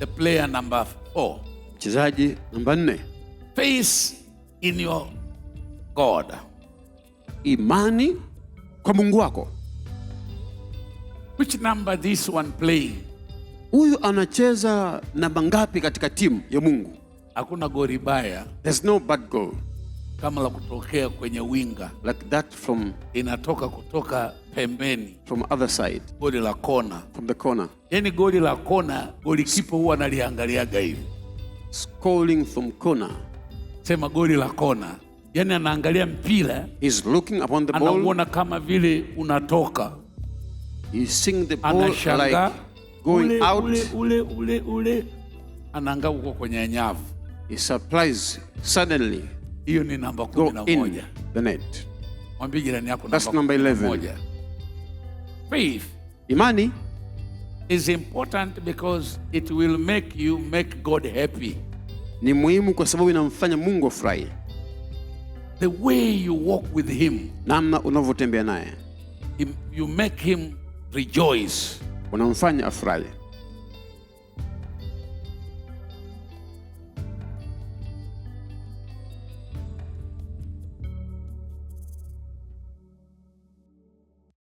The player number four. Mchezaji namba nne. Faith in your God. Imani kwa Mungu wako. Which number this one play? Huyu anacheza namba ngapi katika timu ya Mungu? Hakuna goli baya. There's no bad goal kama la kutokea kwenye winga like that from inatoka kutoka pembeni from other side, goli la kona from the corner. Yani goli la kona goli kipo huwa analiangaliaga hivi, scoring from corner, sema goli la kona. Yani anaangalia mpira, is looking upon the ball, anaona kama vile unatoka, he seeing the ball Anashanga. like going ule, out ule, ule, ule, ule. Anaangaa huko kwenye nyavu, he surprised suddenly hiyo ni namba kumi na moja. Mwambie jirani yako number 11. Faith. Imani is important because it will make you make God happy. Ni muhimu kwa sababu inamfanya Mungu afurahi. The way you walk with him. Namna unavyotembea naye. You make him rejoice. Unamfanya afurahi.